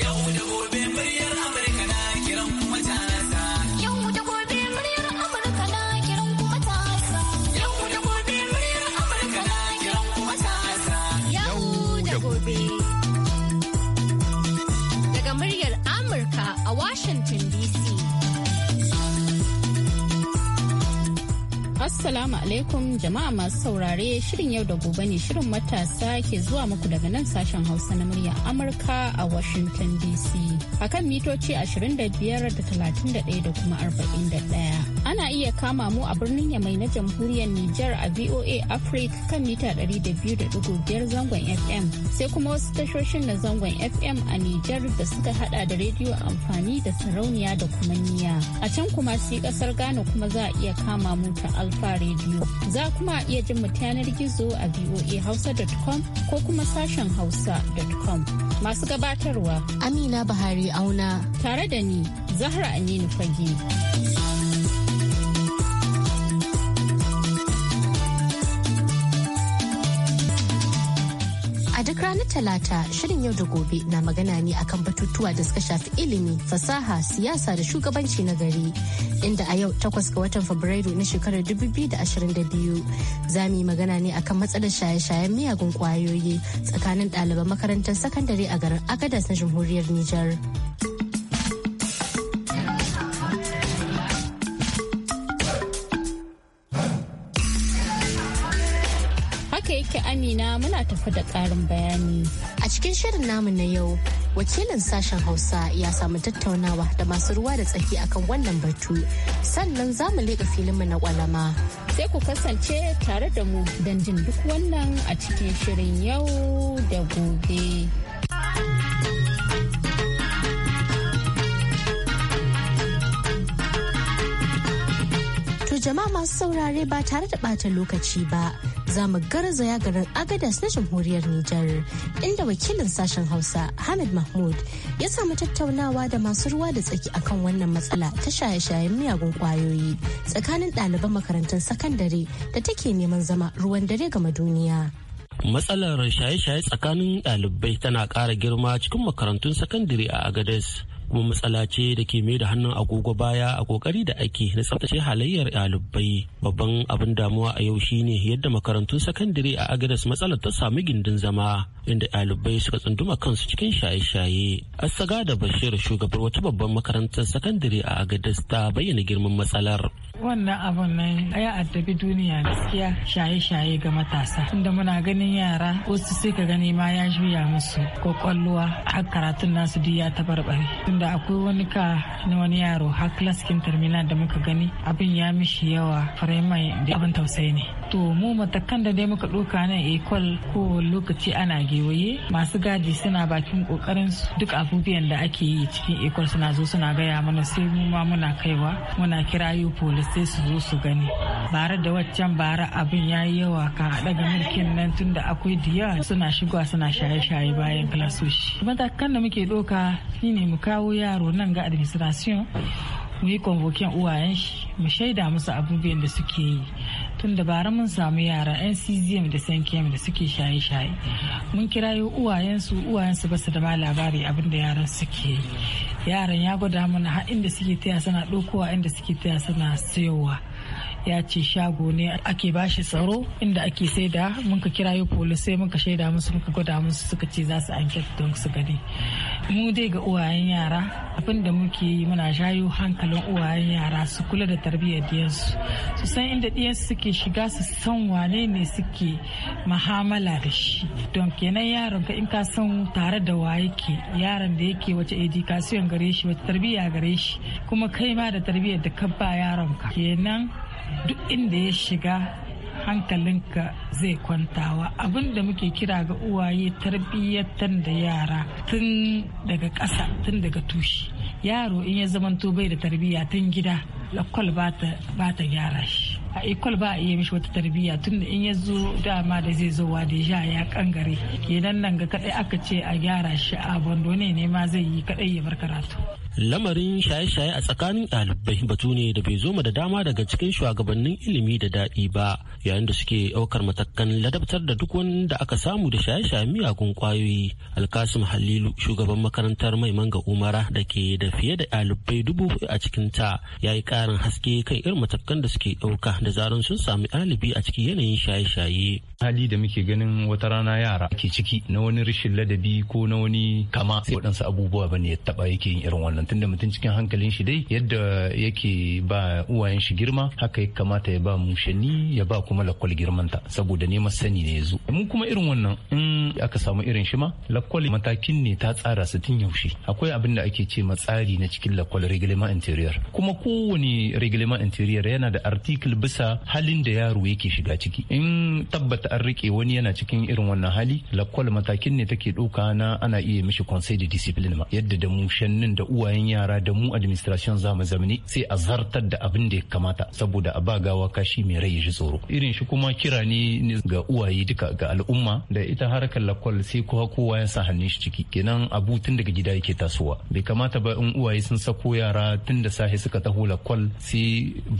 Yo. Assalamu alaikum jama'a masu saurare shirin yau da gobe ne shirin matasa ke zuwa muku daga nan sashen Hausa na muryar Amurka a Washington DC. Akan mitoci 25 da 31 da kuma 41. ana iya kama mu a birnin Yamai na jamhuriyar Nijar a VOA Africa kan mita 200.5 zangon FM sai kuma wasu tashoshin na zangon FM a Nijar da suka hada da rediyo amfani da sarauniya da kuma niya. A can kuma sai kasar Ghana kuma za a iya kama mu ta alpha Radio. Za kuma iya jin mu yanar gizo a voahausa.com ko kuma sashen hausa.com. Masu gabatarwa Amina Bahari Auna tare da ni Zahra Aminu Fage. ranar Talata shirin yau da gobe na magana ne akan batutuwa da suka shafi ilimi, fasaha, siyasa da shugabanci na gari. Inda a yau takwas ga watan Fabrairu na shekarar 2022 za mu yi magana ne akan matsalar shaye-shayen miyagun kwayoyi tsakanin ɗaliban makarantar sakandare a garin Agadas na Jamhuriyar Nijar. take Amina muna tafi da ƙarin bayani. A cikin shirin namu na yau, wakilin sashen Hausa ya samu tattaunawa da masu ruwa da tsaki akan wannan batu. Sannan za mu leƙa filinmu na ƙwalama. Sai ku kasance tare da mu don jin duk wannan a cikin shirin yau da gobe. jama'a masu saurare ba tare da ɓata lokaci ba za mu garzaya garin agadas na jamhuriyar Nijar inda wakilin sashen Hausa Hamid Mahmud ya samu tattaunawa da masu ruwa da tsaki akan wannan matsala ta shaye-shayen miyagun kwayoyi tsakanin ɗaliban makarantun sakandare da take neman zama ruwan dare gama duniya. matsalar shaye-shaye tsakanin ɗalibai tana ƙara girma cikin makarantun sakandare a Agadez. kuma matsala ce da ke mai da hannun agogo baya a kokari da ake na tsaftace halayyar ɗalibai babban abin damuwa a yau shine yadda makarantun sakandare a agadas matsalar ta samu gindin zama inda ɗalibai suka tsunduma kansu cikin shaye-shaye tsaga da bashir shugabar wata babban makarantar sakandare a agadas ta bayyana girman matsalar wannan abun nan ya addabi duniya gaskiya shaye-shaye ga matasa tunda muna ganin yara wasu sai ka gani ma ya juya musu ko kwalluwa har karatun nasu duk ya tabarbare tunda akwai wani ka na wani yaro har klaskin terminal da muka gani abin ya mishi yawa firamai da abin tausayi ne to mu matakan da dai muka ɗauka nan ekol ko lokaci ana gewaye masu gadi suna bakin kokarin duk abubuwan da ake yi cikin ekol suna zo suna gaya mana sai mu ma muna kaiwa muna kirayo polis sai su zo su gani bara da waccan bara abin ya yi yawa ka haɗa ga mulkin nan tun da akwai diya suna shigowa suna shaye-shaye bayan klasoshi matakan da muke ɗoka shine mu kawo yaro nan ga administration mu yi convocation uwayen shi mu shaida musu abubuwan da suke yi tun da bara mun samu yara yan nccm da sankiyam da suke shaye-shaye mun kirayo uwayensu uwayensu ba su da ma labari abin da yaran suke yaran ya gwada mana har inda suke taya suna ɗaukowa inda suke taya suna sayowa ya ce shago ne ake bashi tsaro inda ake sai da muka kirayo polisai sai muka shaida musu muka gwada musu suka ce za su anket don su gani mu dai ga uwayen yara abin da muke yi muna shayo hankalin uwayen yara su kula da tarbiyyar diyansu su san inda diyansu suke shiga su san wane ne suke mahamala da shi don kenan yaron ka in ka san tare da wa yake yaron da yake wace education gare shi wace tarbiyya gare shi kuma kai ma da tarbiyyar da ka ba yaron ka kenan duk inda ya shiga hankalinka zai kwantawa abin da muke kira ga uwaye tarbiyyatar da yara tun daga ƙasa tun daga tushe yaro in ya zamanto bai da tarbiyya tun gida lakwal ba ta gyara shi a ikwal ba a iya mishi wata tarbiyya tun da in ya zo dama da zai zo wa deja ya kangare kenan nan ga kadai aka ce a gyara shi a bando ne ne ma zai yi kadai ya bar karatu lamarin shaye-shaye a tsakanin ɗalibai batu ne da bai zoma da dama daga cikin shugabannin ilimi da daɗi ba yayin da suke ɗaukar matakan ladabtar da duk wanda aka samu da shaye-shaye miyagun ƙwayoyi alkasim halilu shugaban makarantar mai manga umara da ke da fiye da ɗalibai dubu a cikin ta ya yi ƙarin haske kan irin matakan da suke ɗauka da zaran sun sami ɗalibi a cikin yanayin shaye-shaye. hali da muke ganin wata rana yara ke ciki na wani rashin ladabi ko na wani kama waɗansu abubuwa ba ne ya taɓa yake yin irin wannan da mutum cikin hankalin shi dai yadda yake ba uwayen shi girma haka ya kamata ya ba mu shani ya ba kuma lakwal girmanta saboda neman sani ne ya zo mun kuma irin wannan in aka samu irin shi ma lakwal matakin ne ta tsara su tun yaushe akwai abin da ake ce matsari na cikin lakwal reglement interior kuma kowane reglement interior yana da article bisa halin da yaro yake shiga ciki in tabbata an rike wani yana cikin irin wannan hali lakwal matakin ne take ɗauka na ana iya mishi conseil de discipline ma yadda da shannin da uwa bayan yara da mu administration zamu mu zamani sai a zartar da abin da ya kamata saboda a ba bagawa kashi mai rai shi tsoro irin shi kuma kira ne ga uwaye duka ga al'umma da ita harkar lakwal sai kowa kowa ya sa hannun shi ciki kenan abu tun daga gida yake tasowa bai kamata ba in uwaye sun sako yara tun da sahi suka taho lakwal sai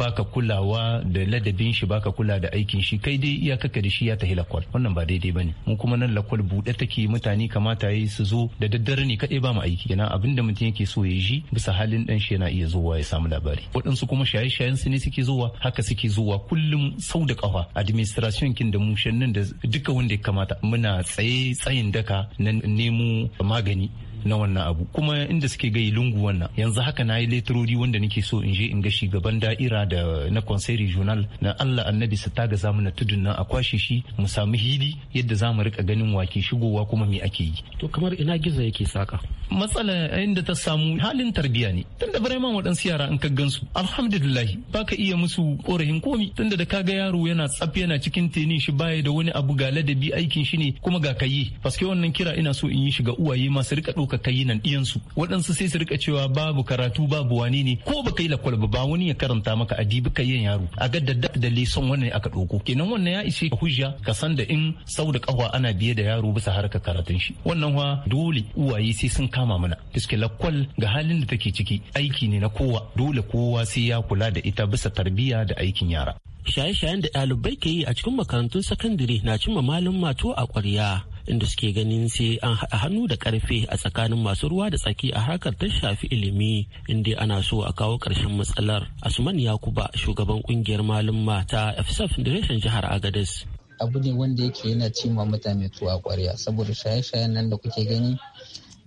baka kulawa da ladabin shi baka kula da aikin shi kai dai iya kaka da shi ya tahi lakwal wannan ba daidai bane mu kuma nan lakwal buɗe take mutane kamata yi su zo da daddare ne kaɗai ba mu aiki kenan abin da mutum yake so ya ji bisa halin dan shi yana iya zuwa ya samu labari waɗansu kuma shaye-shayen su ne suke zuwa haka suke zuwa kullum sau da kafa administration kin da mu nan da duka wanda ya kamata muna tsaye tsayin daka na nemo magani na wannan abu kuma inda suke gai lungu wannan yanzu haka na yi letarori wanda nake so in je in ga shugaban da'ira da na conseil regional na allah annabi su taga zamu na tudun nan a kwashe shi mu samu hili yadda za mu rika ganin wake shigowa kuma me ake yi to kamar ina gizo yake saka matsala inda ta samu halin tarbiya ne tunda vraiment waɗansu yara in ka gansu alhamdulillah baka iya musu korahin komi tunda da kaga yaro yana tsaf yana cikin tenin shi baya da wani abu ga ladabi aikin shi ne kuma ga kayi paske wannan kira ina so in yi shiga uwaye masu rika suka kai nan ɗiyansu waɗansu sai su rika cewa babu karatu babu wani ne ko baka yi lakwal ba ba wani ya karanta maka adibi ka yin yaro a ga da da leson wannan aka ɗauko kenan wannan ya ishe hujja ka san da in sau da ƙafa ana biye da yaro bisa harka karatun shi wannan wa dole uwaye sai sun kama mana fiske lakwal ga halin da take ciki aiki ne na kowa dole kowa sai ya kula da ita bisa tarbiyya da aikin yara shaye-shayen da ɗalibai ke yi a cikin makarantun sakandare na cimma malin mato a ƙwarya inda suke ganin sai an haɗa hannu da karfe a tsakanin masu ruwa da tsaki a harkar ta shafi ilimi inda ana so a kawo ƙarshen matsalar asuman yakuba shugaban kungiyar malumma ta fsf reshen jihar agadez abu ne wanda yake yana cima mutane tuwa kwarya saboda shaye-shayen nan da kuke gani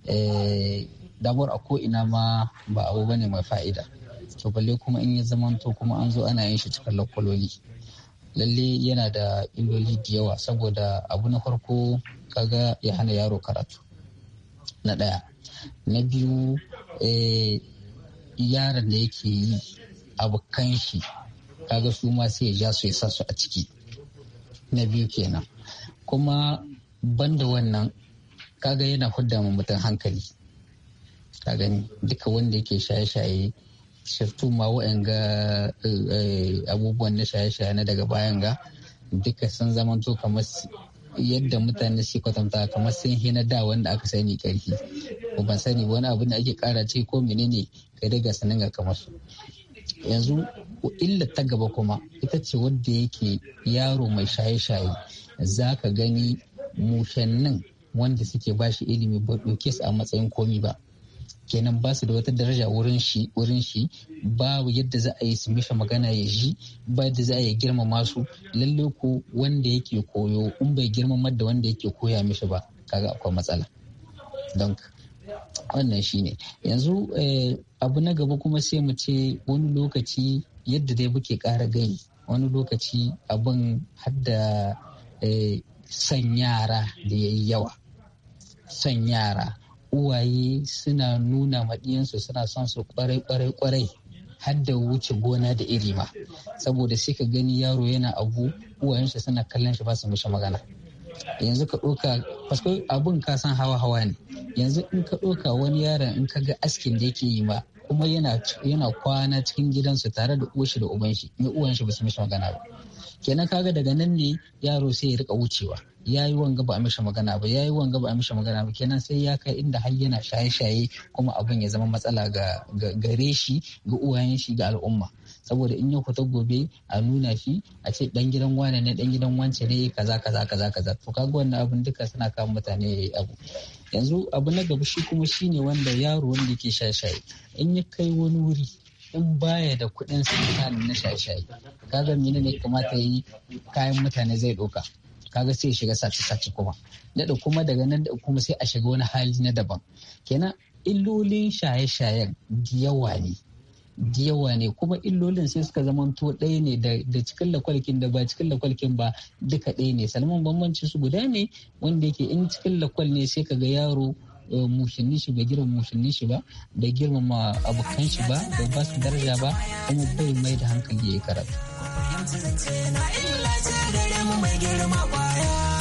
eh, damar a ko'ina ma ba abu bane mai fa'ida to balle kuma in ya zamanto kuma an zo ana yin shi cikin lakwaloli lalle yana da illoli da yawa saboda abu na farko kaga ya hana yaro karatu na ɗaya na biyu eh, yaron da yake yi abokan shi kaga su ma sai ya ja su ya sa su a ciki na biyu kenan kuma banda wannan kaga yana hudda mutum hankali kaga duka wanda yake shaye-shaye shirtu ma wa'anga eh, eh, abubuwan na shaye-shaye na daga bayan ga duka sun to kamar yadda mutane suke kwatanta kamar sun hina da wanda aka sani karfi ko ban sani wani abu da ake kara ce ko menene kai daga sanin ga kamar su yanzu illa ta gaba kuma ita ce wanda yake yaro mai shaye-shaye za ka gani mushannin wanda suke bashi ilimi ba ɗauke su a matsayin komi ba kenan ba su da wata daraja wurin shi wurin shi babu yadda za a yi su mishi magana ya ji ba yadda za a yi girmama su lalle ko wanda yake koyo in bai girmama da wanda yake koya mishi ba kaga akwai matsala don wannan ne. yanzu eh, abu na gaba kuma sai mu ce wani lokaci yadda dai muke ƙara gani wani lokaci abin hadda eh, son yara da ya yi yawa san yara uwaye suna nuna maɗiyansu suna son su kwarai kwarai ƙwarai har da wuce gona da iri ma saboda sai ka gani yaro yana abu uwayensa suna kallon shi ba su mishi magana yanzu ka ɗauka fasko abun ka san hawa hawa ne yanzu in ka ɗauka wani yaron in ka ga askin da yake yi ma kuma yana kwana cikin gidansu tare da uwashi da uban shi ni uwan shi ba su mishi magana ba kenan kaga daga nan ne yaro sai ya rika wucewa ya yi wanga ba a mishi magana ba ya yi wanga ba a mishi magana ba kenan sai ya kai inda har yana shaye-shaye kuma abin ya zama matsala ga gare shi ga uwayen shi ga al'umma saboda in ya fita gobe a nuna shi a ce dan gidan wane ne dan gidan wance ne kaza kaza kaza kaza to kaga wannan abin duka suna kawo mutane yayi abu yanzu abu na gaba shi kuma shine wanda yaro wanda yake shaye-shaye in ya kai wani wuri in baya da kuɗin sitanin na shaye-shaye kaga menene ne kamata yi kayan mutane zai ɗauka kaga sai ya shiga sace sace kuma daɗa kuma daga nan kuma sai a shiga wani hali na daban kenan illolin shaye-shayen yawa ne da yawa ne kuma illolin sai suka zamanto ɗaya ne da cikin lakwalkin da ba cikin lakwalkin ba duka ɗaya ne salman bambanci su guda ne wanda yake in cikin lakwal ne sai kaga yaro mushinni eh, shi bai girma mushinni shi ba da girmama abokan shi ba da ba su daraja ba kuma bai mai da hankali ya karatu Yanzu zance na illa ce gare mu mai girma kwaya.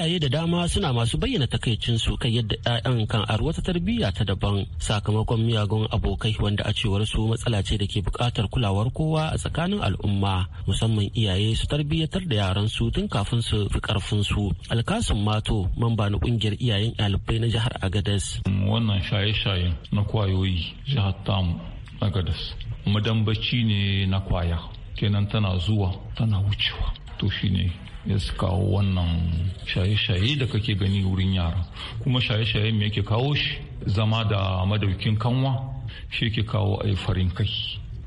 iyaye da dama suna masu bayyana takaicinsu kan yadda 'ya'yan kan ar wata tarbiyya ta daban sakamakon miyagun abokai wanda a cewar su matsala ce da ke buƙatar kulawar kowa a tsakanin al'umma musamman iyaye su tarbiyyatar da yaran su tun kafin su fi karfin su alkasun mato mamba na ƙungiyar iyayen ɗalibai na jihar agadas wannan shaye-shaye na kwayoyi jihar tamu agadas madambaci ne na kwaya kenan tana zuwa tana wucewa to shine ya su kawo wannan shaye-shaye da kake gani wurin yara kuma shaye-shaye me yake kawo shi zama da madaukin kanwa shi ke kawo a farin kai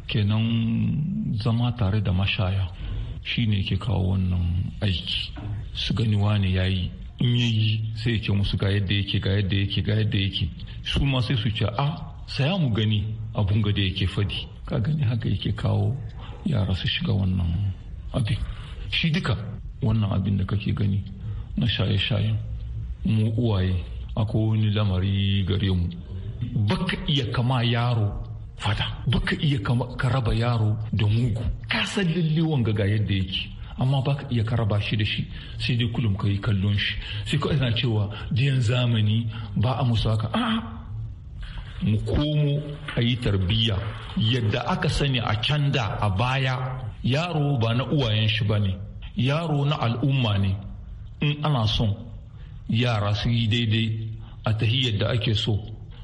kenan zama tare da mashaya shi ne ke kawo wannan aiki su gani wane ya yi in ya yi sai ce musu ga yadda yake ga yadda yake ga yadda yake su ma sai su ce a ah, saya mu gani abun ga da yake fadi ka gani haka yake kawo yara su shiga wannan abin shi duka wannan abin da kake gani na shaye-shayen mu uwaye akwai wani lamari gare mu baka iya kama yaro fada baka iya ka raba yaro da mugu ka san ga yadda yake amma baka iya ka raba shi da shi sai dai kullum ka kallon shi sai ka ina cewa diyan zamani ba a musu haka mu komo a yi tarbiyya yadda aka sani a can da a baya yaro ba na uwayen shi ba ne yaro na al'umma ne in ana son yara su yi daidai a tahiyyar da ake so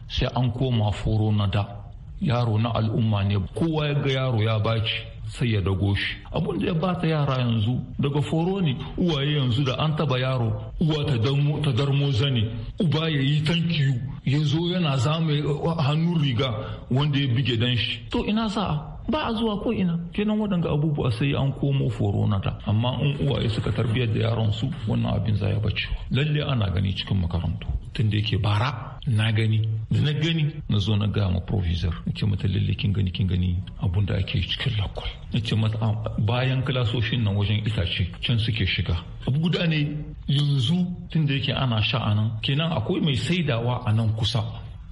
sai an koma foro na da yaro na al'umma ne kowa ya ga yaro ya baci sai ya dago shi abun da ya bata yara yanzu daga foro ne uwaye yanzu da an taba yaro uwa ta darmo zane uba ya yi tankiyu ya zo yana zama hannun riga wanda ya bige dan shi to ina za'a ba a zuwa ko ina kenan waɗanga abubuwa sai an komo foronata amma in uwaye suka tarbiyyar da yaron su wannan abin za ya bacewa lalle ana gani cikin makarantu tun da yake bara na gani da na gani na zo na ga ma provisor nake mata lalle kin gani kin gani abun da ake cikin lakwal nake mata ah, bayan kilasoshin nan wajen itace can suke shiga abu guda ne yanzu tun da yake ana sha anan kenan akwai mai saidawa a nan kusa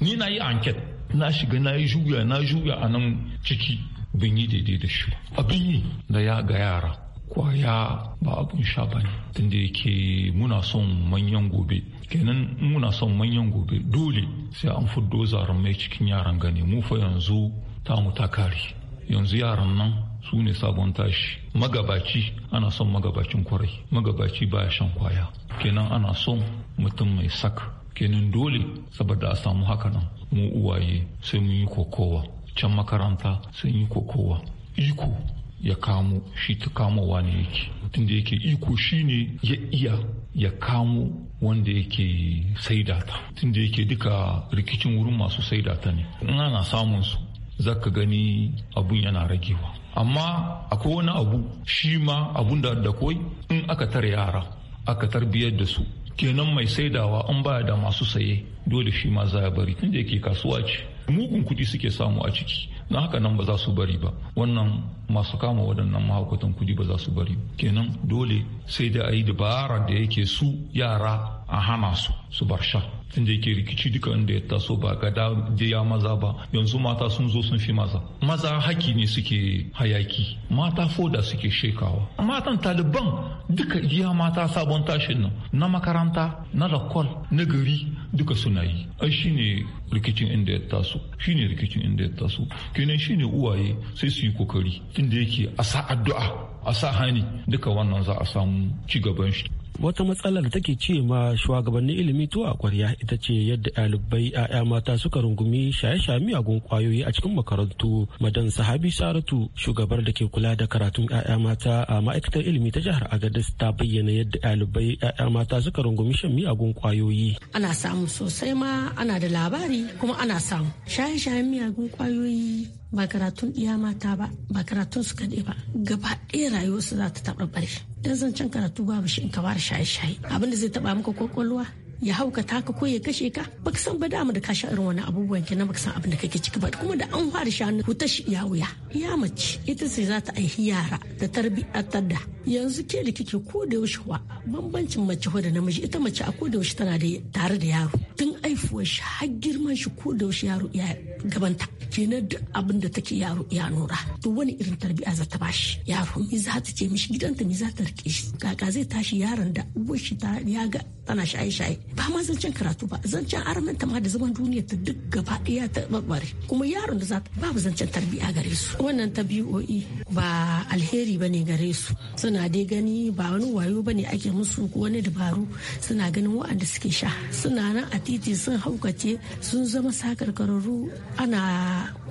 ni na yi anket na shiga na yi juya na juya a nan ciki bin yi daidai da shi abin yi da ya ga yara kwaya ba abun sha ba ne tunda yake muna son manyan gobe kenan muna son manyan gobe dole sai an fuddo zaren mai cikin yaran gane mu fa yanzu ta ta kare yanzu yaran nan su ne sabon tashi magabaci ana son magabacin kwarai magabaci baya shan kwaya kenan ana son mutum mai sak kenan dole saboda a samu haka nan mu uwaye sai mun yi kokowa can makaranta sun yi kokowa iko ya kamo shi ta kamowa ne yake da yake iko shine ya iya ya kamo wanda yake saidata tunda yake duka rikicin wurin masu saidata ne in ana samun su zaka gani abun yana ragewa amma akwai wani abu shi ma abun da da koi in aka tare yara aka tarbiyar da su kenan mai saidawa in baya da masu saye dole shi ma za ya bari tun tunda yake kasuwa ce mugun kuɗi suke samu a ciki na haka nan ba za su bari ba wannan masu kama waɗannan mahaukatan kuɗi ba za su bari kenan dole sai da a yi dabara da yake su yara a hana su su bar sha inda yake rikici duka inda ya taso ba ga ya maza ba yanzu mata sun zo sun fi maza maza haki ne suke hayaki mata foda suke shekawa matan taliban duka iya mata sabon tashin nan na makaranta na lakol na gari duka suna yi ai shine rikicin inda ya taso shine rikicin inda ya taso kenan shine uwaye sai su yi kokari inda yake a sa addu'a a sa hani duka wannan za a samu ci gaban shi wata matsalar da take ce ma shugabannin ilimi to a kwarya ita ce yadda ɗalibai 'ya'ya mata suka rungumi shaye-shaye miyagun kwayoyi a cikin makarantu madan sahabi saratu shugabar da ke kula da karatun 'ya'ya mata a ma'aikatar ilimi ta jihar agadez ta bayyana yadda ɗalibai 'ya'ya mata suka rungumi shan miyagun kwayoyi ana samu sosai ma ana da labari kuma ana samu shaye shaye miyagun kwayoyi ba karatun iya mata ba ba karatun su kaɗai ba gaba ɗaya rayuwarsu za ta taɓa don dan zancen karatu babu shi in ka fara shaye-shaye abin da zai taɓa maka kwakwalwa ya haukata ka ko ya kashe ka baka san ba dama da ka sha irin wani abubuwan ki na baka san abin da kake ciki ba kuma da an fara shanu wuta shi ya wuya ya mace ita ce za ta aihi yara da tarbiyyar da yanzu ke da kike ko da yaushe wa bambancin mace da namiji ita mace a ko da yaushe tana da tare da yaro tun aifuwar shi har girman shi ko da yaushe yaro ya gabanta kenan duk abin da take yaro ya nura to wani irin tarbiyya za ta bashi yaro mi za ta ce mishi gidanta mi za ta rike shi kaka zai tashi yaron da uwar shi ya ga tana shaye-shaye ba ma zancen karatu ba zancen aramanta ma da zaman duniya ta duk gaba ɗaya ta barbare kuma yaron da za ta babu zancen tarbiya gare su wannan ta BOE ba alheri ba ne gare su suna dai gani ba wani wayo ba ne ake musu wani dabaru suna ganin wa'anda suke sha suna nan a titi sun haukace sun zama sakarkararru ana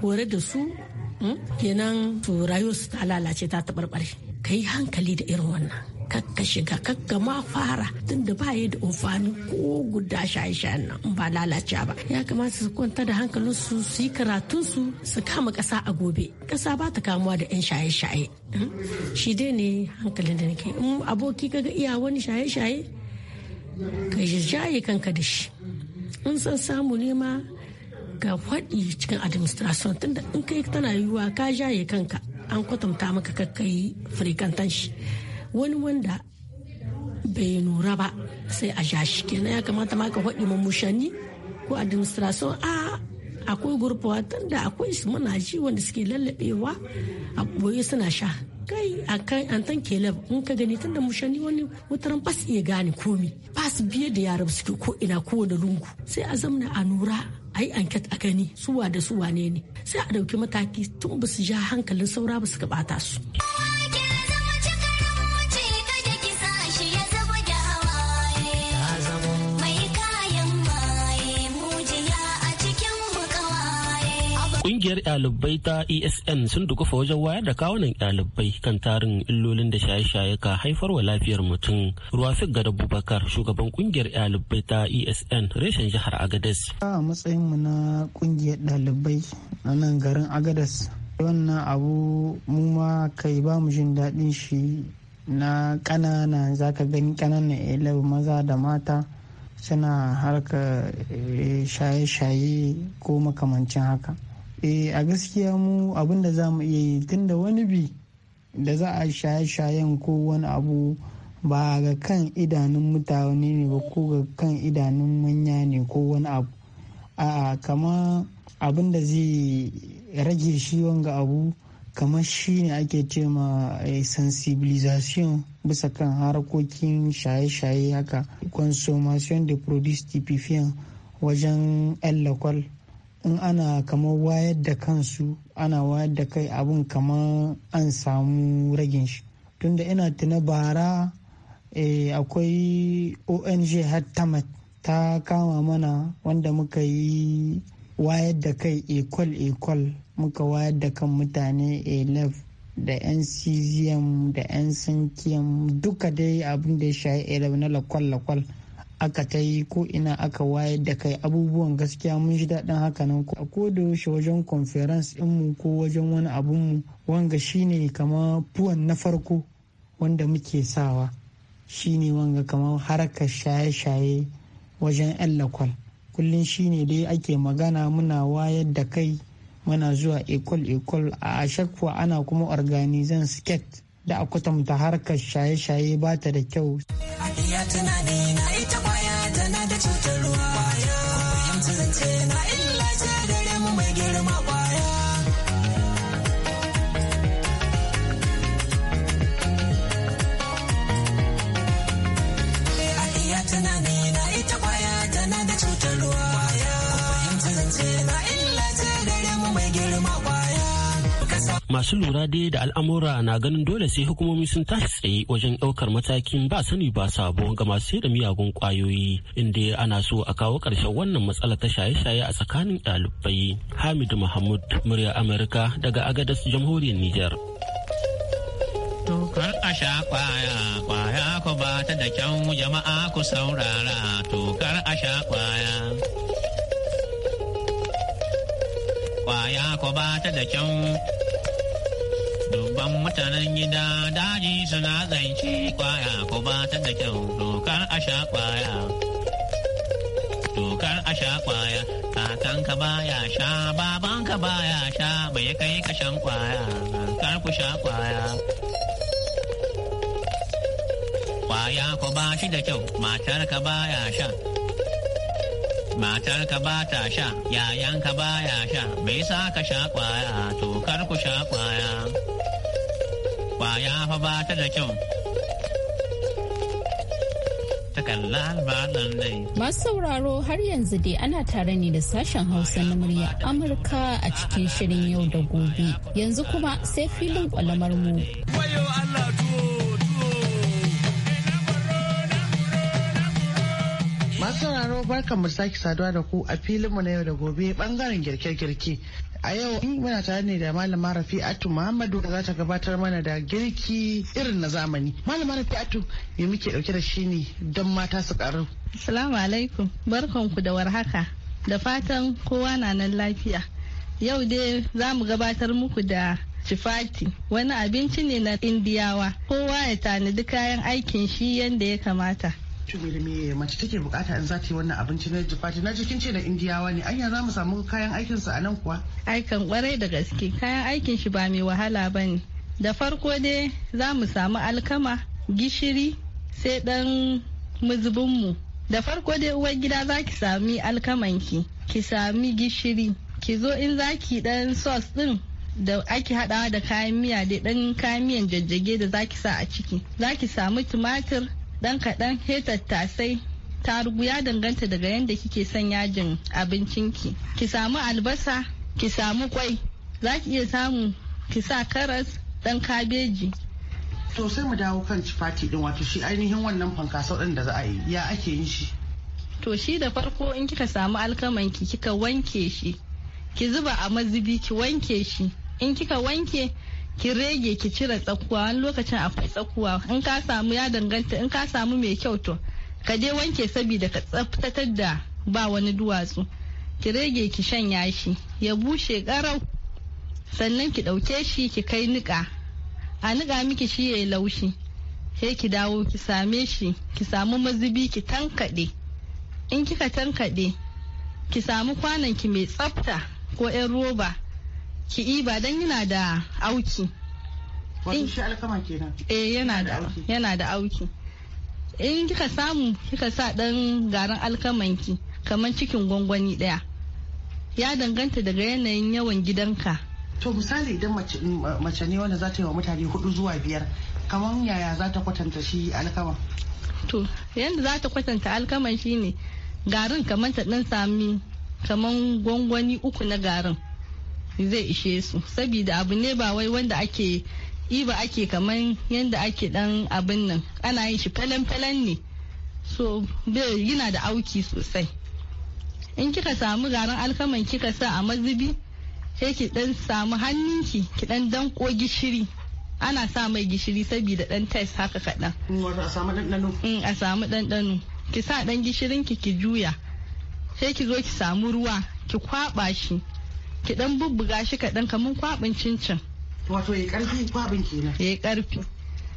kore da su hmm? kenan to rayuwarsu ta lalace ta taɓarɓare ka yi hankali da irin wannan kakka shiga kakka ma fara tunda ba ya da amfani ko guda shaye-shayen nan ba lalacewa ba ya kamata su kwanta da hankalin su su yi karatun su su kama kasa a gobe kasa ba ta kamuwa da yan shaye-shaye hmm? shi dai ne hankalin da nake in aboki kaga iya wani shaye-shaye ka jaye kanka da shi in san samu ne ma ga faɗi cikin administration tunda in kai tana yiwuwa ka jaye kanka an kwatanta maka kakkai firikantan shi wani wanda bai nura ba sai a ja shi kenan ya kamata ma ka faɗi mamushani ko administration a akwai gurfawa tanda akwai su muna ji wanda suke lallabewa a boye suna sha kai a kan antan kelab in ka gani tanda mushani wani wataran ba iya gane komi Bas biye da yaran suke ko ina ko da lungu sai a zamna a nura a yi anket a gani suwa da suwa ne ne sai a ɗauki mataki tun ba su ja hankalin saura ba su ka bata su. Kungiyar ɗalibai ta ESN sun dukufa wajen wayar da kawunan ɗalibai kan tarin illolin da shaye-shaye ka haifar wa lafiyar mutum. Ruwafik Gada Bubakar, shugaban kungiyar ɗalibai ta ESN reshen jihar Agadez. A matsayin mu na kungiyar ɗalibai a nan garin Agadez, wannan abu mu ma kai ba mu jin daɗin shi na ƙanana zaka gani ƙananan elebu maza da mata. suna harka eh, shaye-shaye ko makamancin haka Eh, a gaskiya mu abin da za mu iya yi tunda wani bi da za a shaye-shayen ko wani abu ba ga kan idanun mutane ne ba ko ga kan idanun manya ne ko wani abu a kama abin da zai rage shi wanga abu kamar shi ne ake ce ma eh, sensibilisation bisa kan harkokin shaye-shaye haka consommation de produits typifiant wajen 'yan in ana kamar wayar da kansu ana wayar da kai abin kamar an samu ragin shi tunda ina tuna bara eh, akwai ong hattamat ta kama mana wanda muka yi wayar da kai ekol ekol muka wayar da kan mutane elef da yan cgm da yan sankiyam duka dai abin da ya shayi elef na lakwal lakwal aka ta yi ko ina aka wayar da kai abubuwan gaskiya mun ji daɗin haka hakanan a koda yaushe wajen conference mu ko wajen wani abunmu wanga shine kama puwan na farko wanda muke sawa shine wanga kama harkar shaye-shaye wajen 'yan lakwal kullum shine dai ake magana muna wayar da kai muna zuwa ekol ekol a shakwa ana kuma organizan skate da a kwatanta harkar shaye-shaye ba ta da kyau. Tana da cutar masu lura dai da al'amura na ganin dole sai hukumomi sun tashi tsaye wajen ɗaukar matakin ba sani ba sabo ga masu da miyagun ƙwayoyi inda ana so a kawo ƙarshen wannan matsala ta shaye-shaye a tsakanin ɗalibai hamid mahmud murya amurka daga agadas jamhuriyar niger Tukar a sha kwaya, kwaya ku ba ta da kyau jama'a ku saurara, tukar a sha kwaya. Kwaya ku ba ta da kyau babban mutanen gida daji suna zance kwaya ko ba ta da kyau dokar a sha kwaya. Dokar a sha kwaya, kakanka baya sha, babanka baya sha, bai kai kashan kwaya, kar ku sha kwaya. Kwaya ko ba shi da kyau, matar ba baya sha. matar ka ba ta sha ka ba ya sha bai sa ka sha kwaya to kar ku sha kwaya ya fa ba ta da kyau. Masu sauraro har yanzu dai ana tare ne da sashen Hausa na murya Amurka a cikin shirin yau da gobe. Yanzu kuma sai filin kwalamar mu. Masu sauraro barkan mu sake saduwa da ku a filin mu na yau da gobe bangaren girke-girke A yau muna tare ne da malama Rafi'atu Muhammadu da za ta gabatar mana da girki irin na zamani. Malama Rafi'atu me muke dauke da shi ne don mata su karu. salamu alaikum. Barkanku da warhaka. Da fatan kowa na nan lafiya. Yau dai za mu gabatar muku da Chifati wani abinci ne na Indiyawa. Kowa ya tanadi kayan aikin shi yadda ya kamata. to me me mace take bukata in za ta yi wannan abinci na jifati na jikin ce na indiyawa ne anya za mu samu kayan aikin a nan kuwa aikan kwarai da gaske kayan aikin shi ba mai wahala bane da farko dai za mu samu alkama gishiri sai dan muzubinmu da farko dai uwar gida za ki sami alkamanki ki sami gishiri ki zo in za ki dan sauce din da ake hadawa da kayan miya dai dan kayan miyan jajjage da za ki sa a ciki za ki samu tumatir dan kaɗan he tattasai tarugu ya danganta daga yadda kike son yajin abincin ki samu albasa ki samu kwai za ki iya samu ki sa karas dan kabeji to sai mu dawo kan cifati din wato shi ainihin wannan fankasau din da za a yi ya ake yin shi to shi da farko in kika samu alkamanki kika wanke shi ki zuba a mazubi ki wanke shi in kika wanke ki rege ki cire tsakuwa wani lokacin akwai tsakuwa in ka samu ya danganta in ka samu mai kyau to ka je wanke sabida ka tsaftatar da ba wani duwatsu ki rege ki shanya shi ya bushe karau sannan ki ɗauke shi ki kai niƙa a niƙa miki shi yayi laushi sai ki dawo ki same shi ki samu mazubi ki tankade in kika tankaɗe ki samu kwanan ki mai tsafta ko 'yan roba ki iba dan yana da auki wato shi alkama kenan eh yana da yana da auki in kika samu kika sa dan garin alkamanki kamar cikin gwangwani daya ya danganta daga yanayin yawan gidanka to misali idan mace ne wanda za ta yi wa mutane hudu zuwa biyar kamar yaya za ta kwatanta shi alkama to yadda za ta kwatanta alkaman shine garin kamar ta dan sami kamar gwangwani uku na garin zai ishe su sabida abu ne ba wai wanda ake yi ba ake kamar yadda ake dan abin nan ana yin shi falen-falen ne so yana da auki sosai in kika samu garin alkaman kika sa a mazubi sai ki dan samu hannunki ki dan danko gishiri ana sa mai gishiri saboda dan test haka kaɗan mm, a samu ɗanɗano ki sa dan gishirin ki ki juya sai ki zo ki samu ruwa ki kwaɓa shi ki dan bubbuga shi kaɗan kamar kwabin cincin wato ya karfi kwabin kenan ya karfi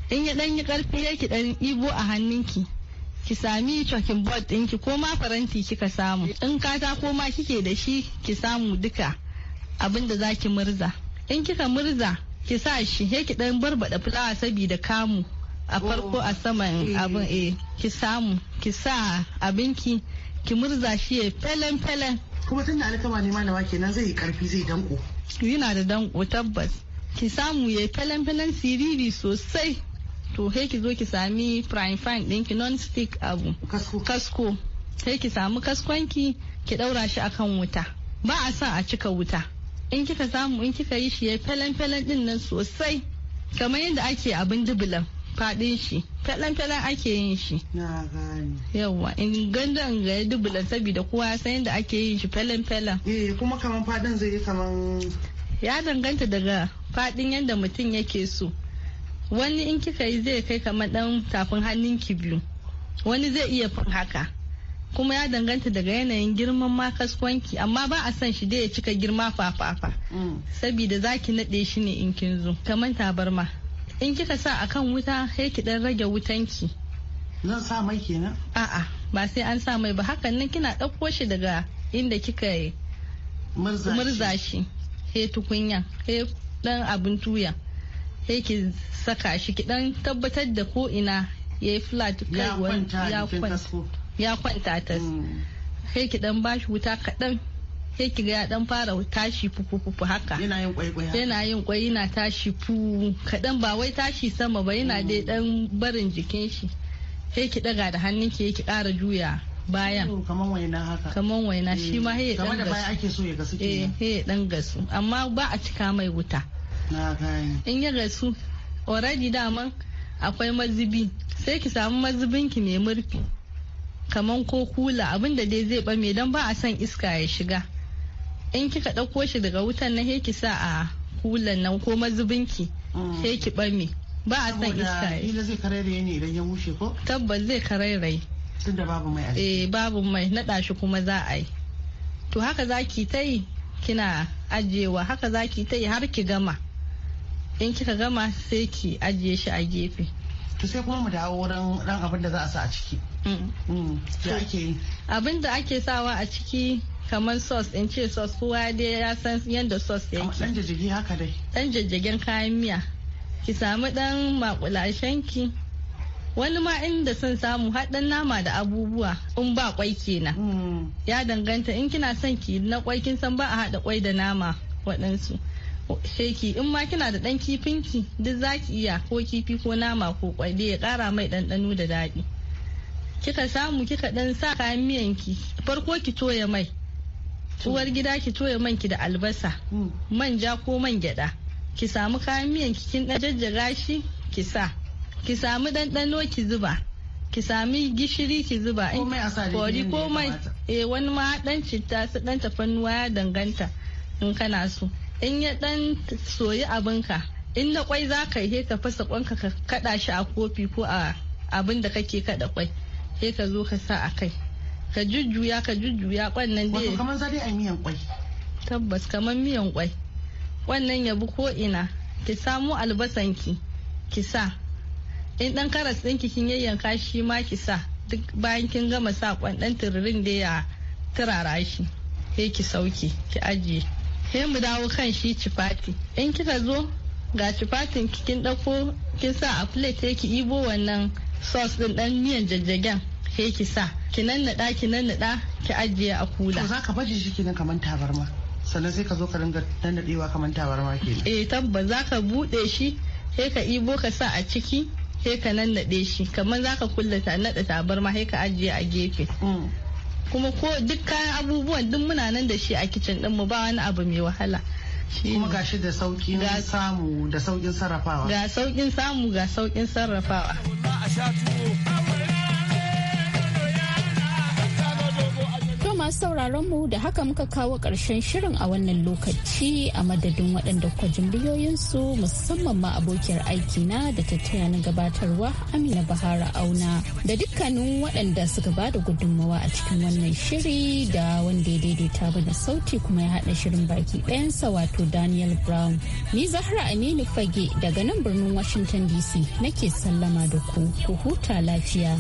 in ya dan yi karfi ya ki dan ibo a hannunki ki sami chalking board ɗinki ko ma faranti kika samu in katako ma kike da shi ki samu duka abin da zaki murza in kika murza ki sa shi ya ki dan barbada fulawa saboda kamu a farko a saman oh, eh. abin eh ki samu ki sa abinki ki murza shi ya felen felen kuma tunda alkama ne malama kenan zai yi karfi zai danko yana da danko tabbas ki samu ya yi falan falan siriri sosai to sai ki zo ki sami prime fine ɗinki non stick abu kasko sai ki samu kaskonki ki ɗaura shi akan wuta ba a sa a cika wuta in kika samu in kika yi shi yi falan falan ɗin nan sosai kamar yadda ake abin dubulan faɗin shi fyalan-fyalan ake yin shi yawa in gandan ga ya dubula saboda kowa san yadda ake yin shi fyalan-fyalan eh, kuma kaman faɗin zai yi kaman ya danganta daga faɗin yadda mutum yake so wani in kika yi zai kai kamar dan tafin hannun ki biyu wani zai iya fin haka kuma ya danganta daga yanayin girman kaskwanki amma ba a son shi dai ya cika girma fafafa mm. saboda zaki naɗe shi ne in kin zo kamar tabarma in kika sa a kan wuta sai ki dan rage wutanki zan sa mai kenan a'a ba sai an sa mai ba hakan nan kina ɗauko shi daga inda kika murza shi he tukunya he dan abin tuya he ki saka shi ki dan tabbatar da ko ina ya yi flat ya kwanta tas mm. he ki dan bashi wuta kaɗan sai ga ya dan fara tashi fufufufu haka yana yin kwaikwai yana yin kwai yana tashi fu kadan ba wai tashi sama ba yana dai dan barin jikin shi sai ki daga da hannun ki ki kara juya bayan kaman waina haka kaman waina shi ma ya dan gasu ake so ya gasu eh ya dan gasu amma ba a cika mai wuta na gani in ya gasu already daman akwai mazubi sai ki samu mazubin ki mai murfi kaman ko kula abinda dai zai bame don ba a son iska ya shiga in kika ɗauko shi daga wutan na heki sa a hulan nan ko mazubinki sai mm. ki ɓame ba a san iska yi. ila zai karairaye ne idan ya bushe ko tabbas zai karairaye tunda babu mai eh babu mai naɗa shi kuma za a yi to haka za ki ta yi kina ajiyewa haka za ki ta yi har ki gama in kika gama sai ki ajiye shi a gefe to sai kuma mu dawo wurin dan abin da za a sa a ciki mm. Mm. abin da ake sawa a ciki kamar sauce in ce sauce kowa dai ya san yadda sauce yake ɗan jajjage haka dai dan jajjagen kayan miya ki samu dan makulashen ki wani ma inda son samu haɗin nama da abubuwa in ba kwai kenan hmm. ya danganta in kina son ki na kwai kin san ba a haɗa kwai da nama waɗansu sheki in ma kina da ɗan kifinki duk za ki iya ko kifi ko nama ko kwai ya ƙara mai ɗanɗano da daɗi kika samu kika ɗan sa kayan miyanki farko ki toya mai tuwar gida ki toya man ki da albasa mm. manja ko man gyada ki samu kayan miyan ki kin jajjaga shi ki sa ki samu ɗanɗano ki zuba ki sami gishiri ki zuba in kori mai eh wani ma dan citta su dan tafannuwa ya danganta in kana so in ya dan soyi abinka in na kwai za ka yi ka fasa kwanka ka kada shi a kofi ko a abin da kake kada kwai sai ka zo ka sa a kai ka jujjuya ka jujjuya kwannan dai wato kaman za dai a miyan kwai tabbas kaman miyan kwai wannan ya bi ko ina ki samu albasan ki ki sa in dan karas ki kin yayyanka shi ma ki sa duk bayan kin gama sa dan tururin da ya turara shi sai ki sauke ki ajiye sai mu dawo kan shi cifati in kika zo ga cifatin kin ɗauko kin sa a plate ki ibo wannan sauce din dan miyan jajjagen he ki sa ki nannaɗa ki nannaɗa ki ajiye a kula. To za ka baje shi kenan kamar tabarma. sannan sai ka zo ka ringa nannaɗewa kamar tabarma kenan. Eh tabba za ka buɗe shi sai ka ibo ka sa a ciki sai ka nannaɗe shi kamar za ka ta naɗa tabarma sai ka ajiye a gefe. Mm. Kuma ko duk kayan abubuwan duk muna nan da shi a kicin ɗin mu ba wani abu mai wahala. kuma ga shi da sauƙin samu da sauƙin sarrafawa. Ga sauƙin samu ga sauƙin sarrafawa. masu sauraron mu da haka muka kawo ƙarshen shirin a wannan lokaci a madadin waɗanda kwa su musamman ma abokiyar aiki na da ta taya na gabatarwa Amina Bahara Auna da dukkanin waɗanda suka ba da gudunmawa a cikin wannan shiri da wanda ya daidaita bada sauti kuma ya haɗa shirin baki ɗayansa wato Daniel Brown. Ni Zahra Aminu Fage daga nan birnin Washington DC nake sallama da ku ku huta lafiya.